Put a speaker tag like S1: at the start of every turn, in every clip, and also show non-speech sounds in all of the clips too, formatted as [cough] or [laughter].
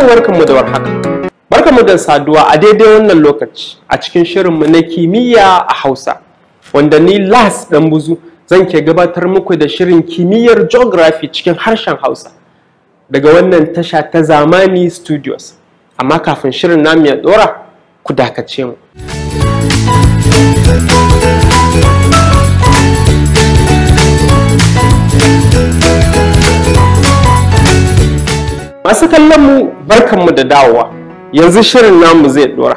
S1: mu barkanmu da warhaka. Barkanmu da saduwa a daidai wannan lokaci a cikin shirin mu na kimiyya a Hausa, wanda ni Las buzu zan ke gabatar muku da shirin kimiyyar geography cikin harshen Hausa daga wannan tasha ta Zamani Studios. Amma kafin shirin namu ya ɗora, ku dakace mu. masu kallon mu barkanmu da dawowa yanzu shirin namu zai dora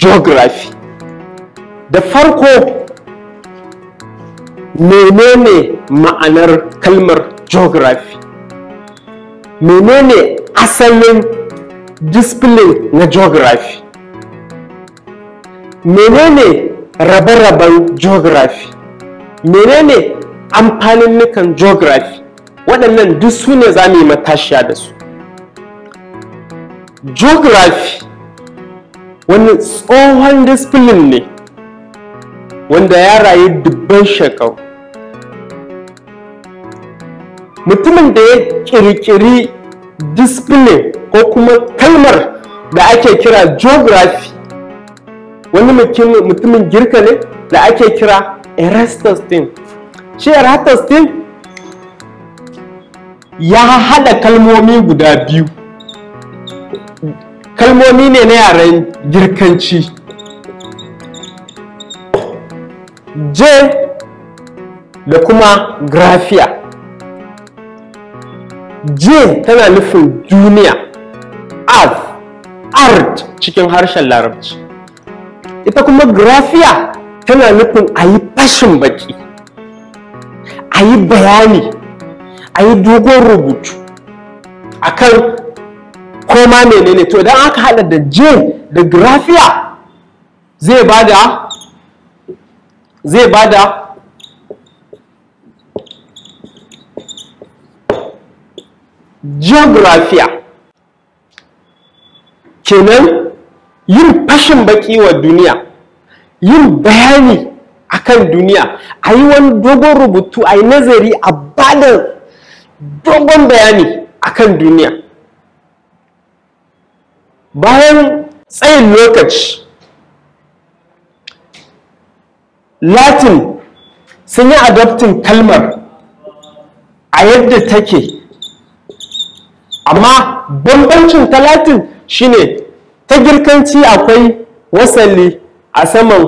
S1: geography da farko menene ma'anar kalmar geography menene asalin discipline na geography menene rabe-raben geography menene amfanin nukan geography waɗannan duk su ne za mu yi matashiya da su geography wani tsohon disfilin ne wanda ya rayu dubban shekaru mutumin da ya kirkiri disfilin ko kuma kalmar da ake kira geography wani mutumin girka ne da ake kira erastus din shi erastus din ya haɗa kalmomi guda biyu kalmomi ne na yaren girkanci j da kuma grafiya j tana nufin duniya art art cikin harshen larabci ita kuma grafiya tana nufin a yi fashin baki a yi bayani a yi dogon rubutu a kan koma menene to idan aka hada da jin da grafiya zai bada zai bada geografiya kenan yin fashin baki wa duniya yin bayani a kan duniya a yi wani dogon rubutu a yi nazari a bada dogon bayani a kan duniya bayan tsayin lokaci latin sun yi adoptin kalmar a yadda take amma bambancin talatin shine ta girkanci akwai wasalli a saman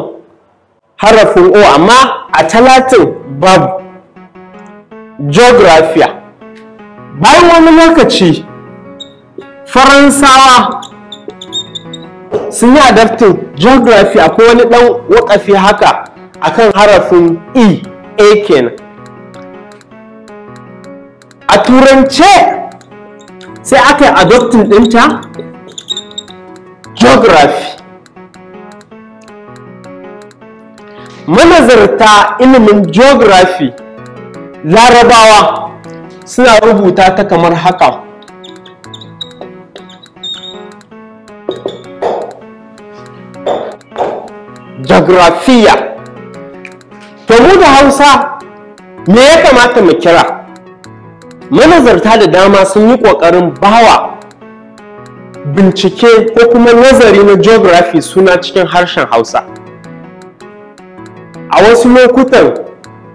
S1: harafin o amma a talatin babu geografiya bayan wani lokaci faransawa sun yi adaptin geography akwai wani dan wakafi haka akan harafin e a kenan a turance sai aka yi adoptin ɗinta geography manazarta ilimin geography larabawa suna rubuta ta kamar haka geografiya to mu da hausa me ya kamata mu kira manazarta da dama sun yi ƙoƙarin bawa bincike ko kuma nazari na geography suna cikin harshen hausa a wasu lokutan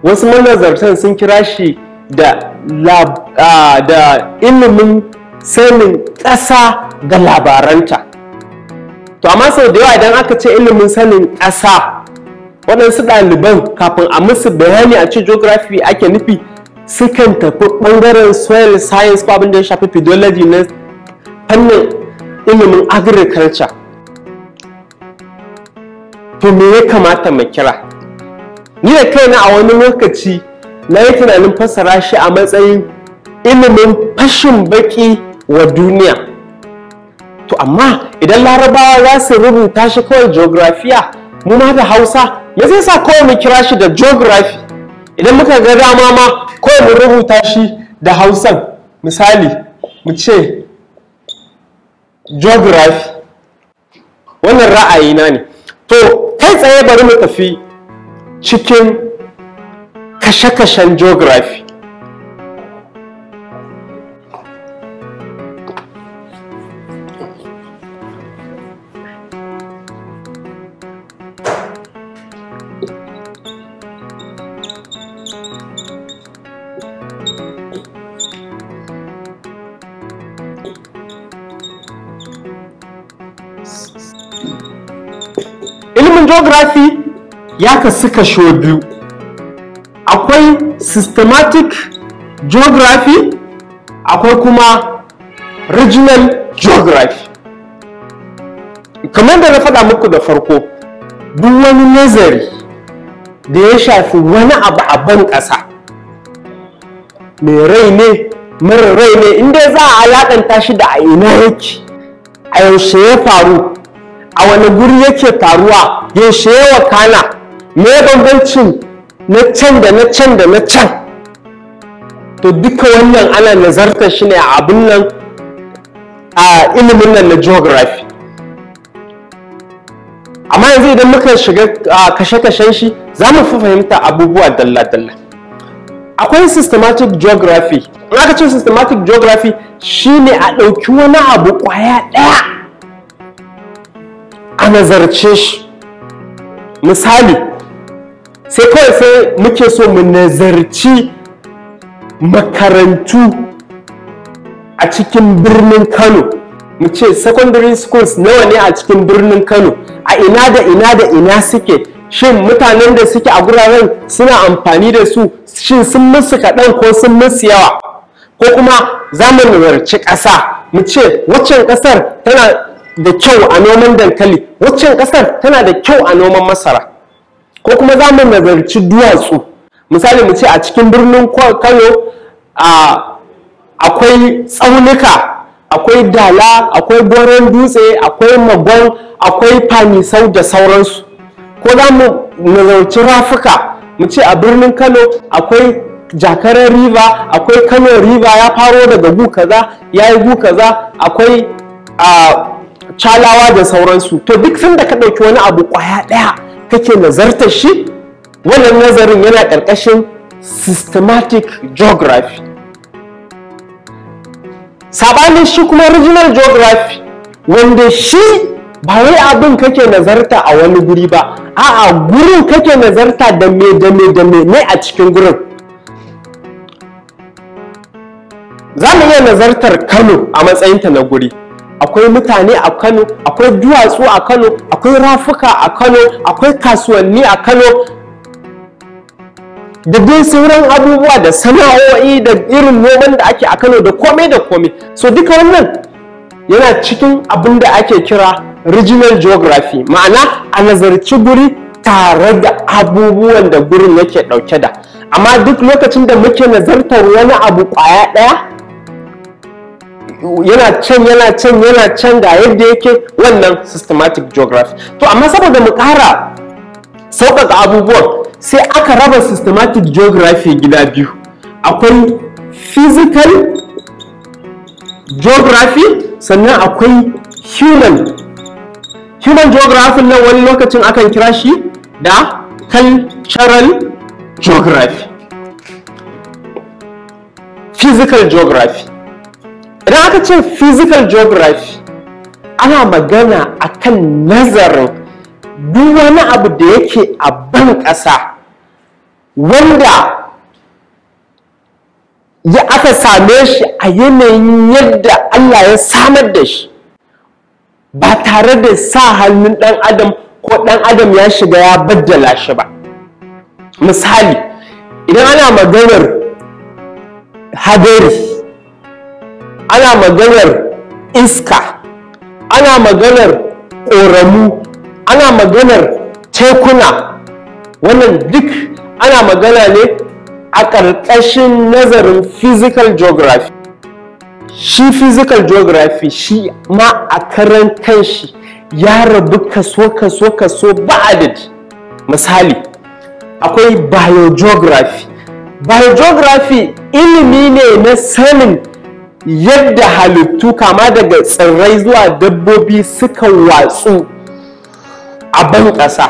S1: wasu manazartan sun kira shi da, ilimin sanin ƙasa ga labaranta to amma sau da yawa idan aka ce ilimin sanin ƙasa waɗansu ɗaliban kafin a musu bayani a ce geography ake nufi sukan tafi ɓangaren soil science ko abin da ya shafi pedology na fannin ilimin agriculture to me ya kamata mu kira ni da kaina a wani lokaci na yi tunanin fasara shi a matsayin ilimin fashin baki wa duniya to amma idan larabawa za su rubuta shi kawai geografiya mu ma da hausa ya zai sa kawai mu kira shi da geography idan muka ga dama ma kawai mu rubuta shi da hausan misali mu ce geography wannan ra'ayi na ne to kai tsaye bari mu tafi cikin kashe-kashen geography geography ya kasu kasho biyu akwai systematic geography akwai kuma regional geography kamar da na faɗa muku da farko duk wani nazari da ya shafi wani abu a ban ƙasa mai rai ne mara rai ne inda za a alaƙanta shi da a ina yake a yaushe ya faru a wani guri yake faruwa yaushe ya wakana me bambancin na can da na can da na can to duka wannan ana nazartar shi ne a abin nan a ilimin nan na geography amma yanzu idan muka shiga kashe-kashen shi za mu fi fahimta abubuwa dalla-dalla akwai systematic geography in aka ce systematic geography shine a ɗauki wani abu ƙwaya ɗaya a nazarce shi misali sai kawai sai muke so mu nazarci makarantu a cikin birnin kano mu ce secondary schools nawa ne a cikin birnin kano a ina da ina da ina suke shin mutanen da suke a guraren suna amfani da su shin sun musu kaɗan ko sun musu yawa ko kuma warci ƙasa mu ce waccan ƙasar tana da kyau a noman dankali waccan ƙasar tana da kyau a noman masara ko kuma za mu nazarci duwatsu misali mu ce a cikin birnin kano akwai tsaunuka akwai dala akwai goron dutse akwai magon akwai famisau da sauransu ko za mu nazarci rafuka mu ce a birnin kano akwai jakarar riva akwai kano riva ya faro daga gu kaza ya yi gu kaza akwai Chalawa da sauransu to duk sanda ka ɗauki wani abu ƙwaya ɗaya kake nazartar shi wannan nazarin yana ƙarƙashin systematic geography saɓanin shi kuma regional geography wanda shi ba wai abin kake nazarta a wani guri ba a'a gurin kake nazarta da me da me da me ne a cikin gurin za mu iya nazartar kano a matsayinta na guri akwai mutane a kano akwai duwatsu a kano akwai rafuka a kano akwai kasuwanni a kano da dai sauran abubuwa da sana'o'i da irin noman da ake a kano da komai da komai so duka wannan yana cikin abin da ake kira regional geography ma'ana a nazarci guri tare da abubuwan da gurin yake dauke da amma duk lokacin da muke nazartar wani abu kwaya daya yana can yana can yana can ga yadda yake wannan systematic geography to amma saboda mu kara sauƙaƙa abubuwan sai aka raba systematic geography gida biyu akwai physical geography sannan akwai human human geography nan wani lokacin akan kira shi da cultural geography physical geography idan aka ce physical geography ana magana akan nazarin duk wani abu da yake a ban ƙasa wanda ya aka same shi a yanayin yadda Allah ya samar da shi ba tare da sa hannun ɗan adam ko ɗan adam ya shiga ya baddala shi ba misali idan ana maganar hadari ana maganar iska ana maganar ƙoramu ana maganar tekuna wannan duk ana magana ne a ƙarƙashin nazarin physical geography shi physical geography shi ma a karan kanshi ya rabu kaso kaso kaso ba adadi misali akwai biogeography biogeography ilimi ne na sanin yadda halittu kama daga tsirrai zuwa dabbobi suka watsu a ban ƙasa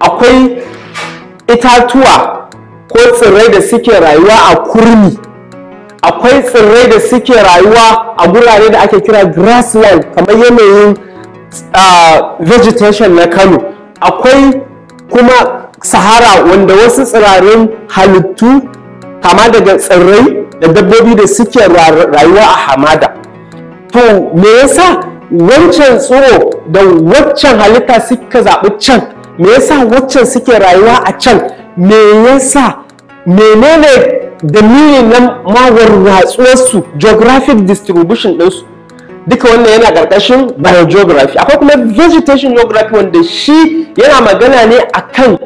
S1: akwai itatuwa ko tsirrai da suke rayuwa a kurmi akwai tsirrai da suke rayuwa a gurare da ake kira grassland kamar yanayin vegetation na kano akwai kuma sahara wanda wasu tsirarin halittu kama daga tsirrai da dabbobi da suke rayuwa a hamada to me yasa wancan tsoro da waccan halitta suka zaɓi can me yasa waccan suke rayuwa a can me yasa menene da dalilin na su geographic distribution ɗinsu duka wannan yana ƙarƙashin biogeography akwai kuma vegetation geography wanda shi yana magana ne akan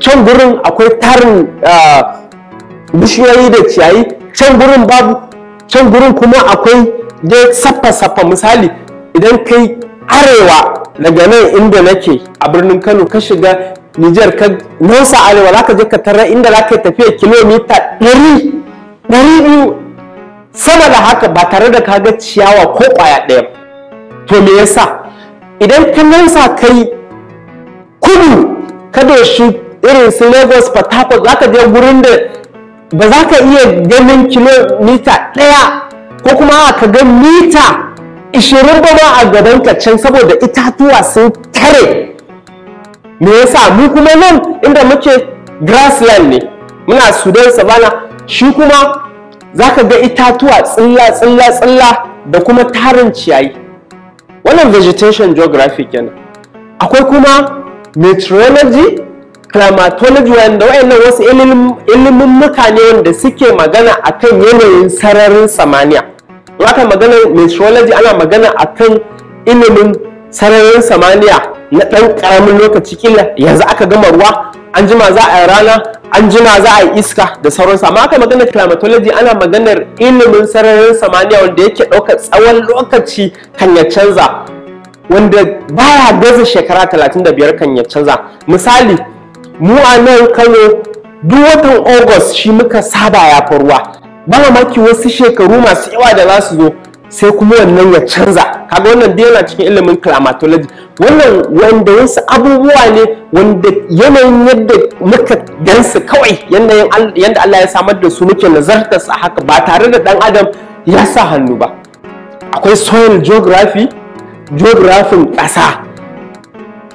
S1: can gurin akwai tarin ah, bishiyoyi da ciyayi can gurin babu can gurin kuma akwai dai saffa-saffa misali idan kai arewa daga nan inda nake a birnin kano ka shiga nijar ka nausa arewa zaka je ka tarar inda zaka ka tafiya kilomita ɗari biyu sama da haka ba tare da ka ga ciyawa ko ƙwaya ɗaya to me yasa idan ka nausa kai kudu ka doshi irin su lagos port harcourt za je gurin da ba za ka iya ganin kilomita ɗaya ko kuma ka ga mita ishirin ba ma a gaban ka can saboda itatuwa sun tare me yasa mu kuma nan inda muke grassland ne muna sudan savanna shi kuma za ka ga itatuwa tsilla tsilla tsilla da kuma tarin ciyayi wannan vegetation geography kenan akwai kuma meteorology climatology wanda wayannan wasu ilimin mutane wanda suke magana akan yanayin sararin samaniya aka magana meteorology ana magana akan ilimin sararin samaniya na ɗan ƙaramin lokaci kila yanzu aka gama ruwa an jima za a yi rana an jima za a yi iska da sauransu amma aka magana climatology ana maganar ilimin sararin samaniya wanda yake ɗaukar tsawon lokaci kan ya canza wanda baya gaza shekara biyar kan ya canza misali mu a nan kano duk watan august shi muka saba ya faruwa ba mamaki wasu shekaru masu yawa da za su zo sai kuma wannan ya canza kaga wannan dai yana cikin ilimin climatology wannan wanda wasu abubuwa ne wanda yanayin yadda muka gansu kawai yadda Allah ya samar da su muke nazarta su haka ba tare da dan adam ya sa hannu ba akwai soil geography geographin ƙasa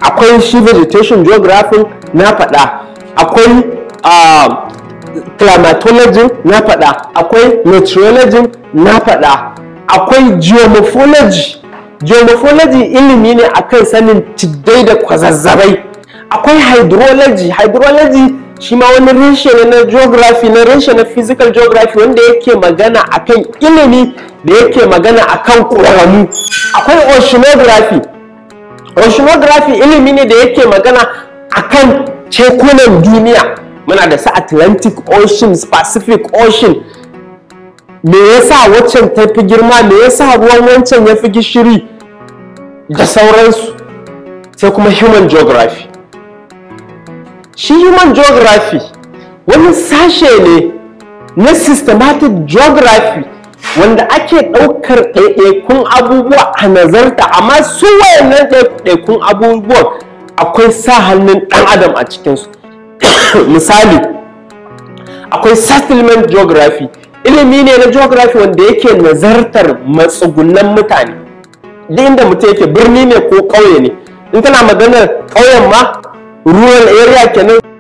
S1: akwai shi vegetation geography na faɗa akwai climatology na faɗa akwai meteorology na faɗa akwai geomorphology geomorphology ilimi ne akan sanin tiddai da kwazazzabai akwai hydrology hydrology shi ma wani reshe na geography na reshe na physical geography wanda yake magana akan ilimi da yake magana akan ƙoramu akwai oceanography oceanography ilimi ne da yake magana akan tekunan duniya muna da su atlantic ocean pacific ocean me yasa waccan ta fi girma me yasa ruwan wancan ya fi gishiri da sauransu sai kuma human geography shi human geography wani sashe ne na systematic geography wanda ake ɗaukar ɗaiɗaikun abubuwa a nazarta amma su wayannan ɗaiɗaikun abubuwa, akwai sa hannun ɗan adam a cikinsu [coughs] misali akwai settlement geography ilimi ne na geography wanda yake nazartar matsugunan mutane duk inda mutum yake birni ne ko ƙauye ne in tana maganar ƙauyen ma rural area kenan